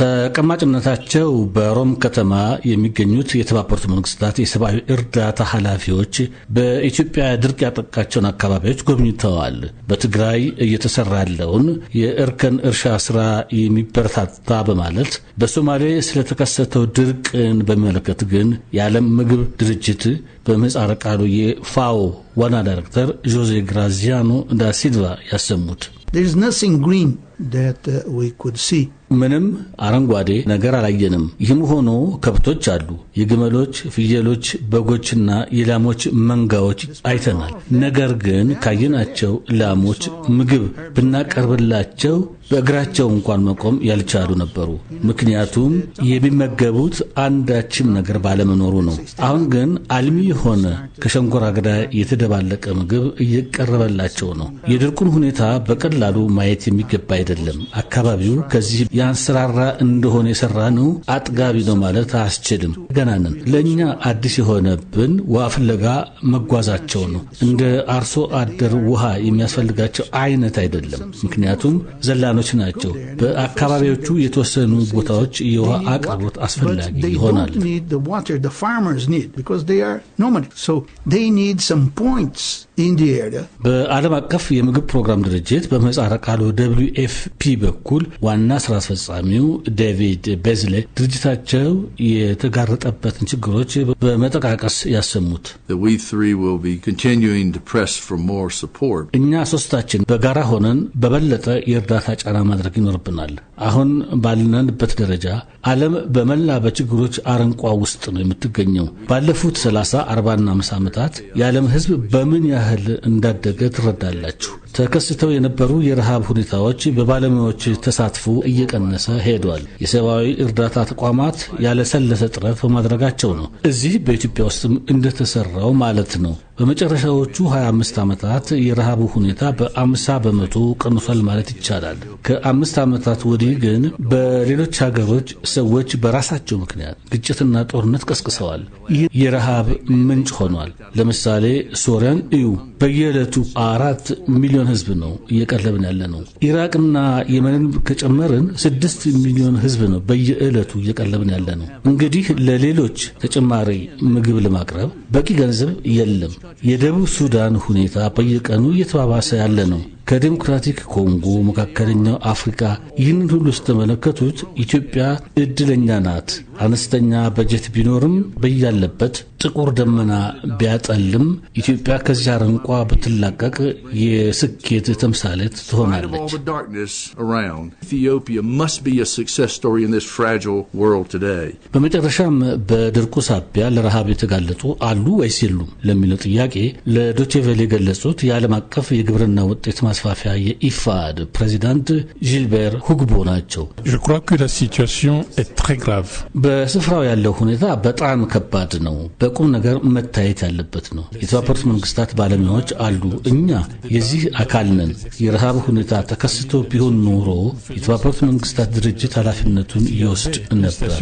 ተቀማጭነታቸው በሮም ከተማ የሚገኙት የተባበሩት መንግስታት የሰብአዊ እርዳታ ኃላፊዎች በኢትዮጵያ ድርቅ ያጠቃቸውን አካባቢዎች ጎብኝተዋል። በትግራይ እየተሰራ ያለውን የእርከን እርሻ ስራ የሚበረታታ በማለት በሶማሌ ስለተከሰተው ድርቅን በሚመለከት ግን የዓለም ምግብ ድርጅት በምህጻረ ቃሉ የፋኦ ዋና ዳይሬክተር ዦዜ ግራዚያኖ ዳ ሲልቫ ያሰሙት There is ምንም አረንጓዴ ነገር አላየንም። ይህም ሆኖ ከብቶች አሉ። የግመሎች፣ ፍየሎች፣ በጎችና የላሞች መንጋዎች አይተናል። ነገር ግን ካየናቸው ላሞች ምግብ ብናቀርብላቸው በእግራቸው እንኳን መቆም ያልቻሉ ነበሩ። ምክንያቱም የሚመገቡት አንዳችም ነገር ባለመኖሩ ነው። አሁን ግን አልሚ የሆነ ከሸንኮራ አገዳ የተደባለቀ ምግብ እየቀረበላቸው ነው። የድርቁን ሁኔታ በቀላሉ ማየት የሚገባ አይደለም። አካባቢው ከዚህ ያንሰራራ እንደሆነ የሰራ ነው አጥጋቢ ነው ማለት አያስችልም። ገናንን ለእኛ አዲስ የሆነብን ውሃ ፍለጋ መጓዛቸው ነው። እንደ አርሶ አደር ውሃ የሚያስፈልጋቸው አይነት አይደለም። ምክንያቱም ዘላኖች ናቸው። በአካባቢዎቹ የተወሰኑ ቦታዎች የውሃ አቅርቦት አስፈላጊ ይሆናል። በዓለም አቀፍ የምግብ ፕሮግራም ድርጅት በምህጻረ ቃሉ ደብሊዩ ኤፍ ፒ በኩል ዋና ስራ አስፈጻሚው ዴቪድ ቤዝሌ ድርጅታቸው የተጋረጠበትን ችግሮች በመጠቃቀስ ያሰሙት እኛ ሶስታችን በጋራ ሆነን በበለጠ የእርዳታ ጫና ማድረግ ይኖርብናል። አሁን ባልነንበት ደረጃ ዓለም በመላ በችግሮች አረንቋ ውስጥ ነው የምትገኘው። ባለፉት 30 40ና 50 ዓመታት የዓለም ህዝብ በምን ያህል ያህል እንዳደገ ትረዳላችሁ። ተከስተው የነበሩ የረሃብ ሁኔታዎች በባለሙያዎች ተሳትፎ እየቀነሰ ሄዷል። የሰብአዊ እርዳታ ተቋማት ያለሰለሰ ጥረት በማድረጋቸው ነው። እዚህ በኢትዮጵያ ውስጥም እንደተሰራው ማለት ነው። በመጨረሻዎቹ 25 ዓመታት የረሃቡ ሁኔታ በአምሳ በመቶ ቀንሷል ማለት ይቻላል። ከአምስት ዓመታት ወዲህ ግን በሌሎች ሀገሮች ሰዎች በራሳቸው ምክንያት ግጭትና ጦርነት ቀስቅሰዋል። ይህ የረሃብ ምንጭ ሆኗል። ለምሳሌ ሶሪያን እዩ። በየዕለቱ አራት ሚሊዮን ህዝብ ነው እየቀለብን ያለ ነው። ኢራቅና የመንን ከጨመርን ስድስት ሚሊዮን ህዝብ ነው በየዕለቱ እየቀለብን ያለ ነው። እንግዲህ ለሌሎች ተጨማሪ ምግብ ለማቅረብ በቂ ገንዘብ የለም። የደቡብ ሱዳን ሁኔታ በየቀኑ እየተባባሰ ያለ ነው። ከዲሞክራቲክ ኮንጎ፣ መካከለኛው አፍሪካ ይህንን ሁሉ ስትመለከቱት ኢትዮጵያ እድለኛ ናት። አነስተኛ በጀት ቢኖርም በያለበት ጥቁር ደመና ቢያጠልም ኢትዮጵያ ከዚያ አረንቋ ብትላቀቅ የስኬት ተምሳሌት ትሆናለች። በመጨረሻም በድርቁ ሳቢያ ለረሃብ የተጋለጡ አሉ ወይስ የሉም ለሚለው ጥያቄ ለዶቼቬል የገለጹት የዓለም አቀፍ የግብርና ውጤት ማስ ማስፋፊያ የኢፋድ ፕሬዚዳንት ጂልበር ሁግቦ ናቸው። በስፍራው ያለው ሁኔታ በጣም ከባድ ነው። በቁም ነገር መታየት ያለበት ነው። የተባበሩት መንግስታት ባለሙያዎች አሉ። እኛ የዚህ አካል ነን። የረሃብ ሁኔታ ተከስቶ ቢሆን ኖሮ የተባበሩት መንግስታት ድርጅት ኃላፊነቱን ይወስድ ነበር።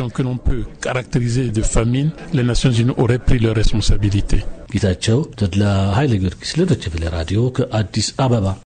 ጌታቸው ተድላ ኃይለ ጊዮርጊስ ለዶይቼ ቬለ ራዲዮ ከአዲስ አበባ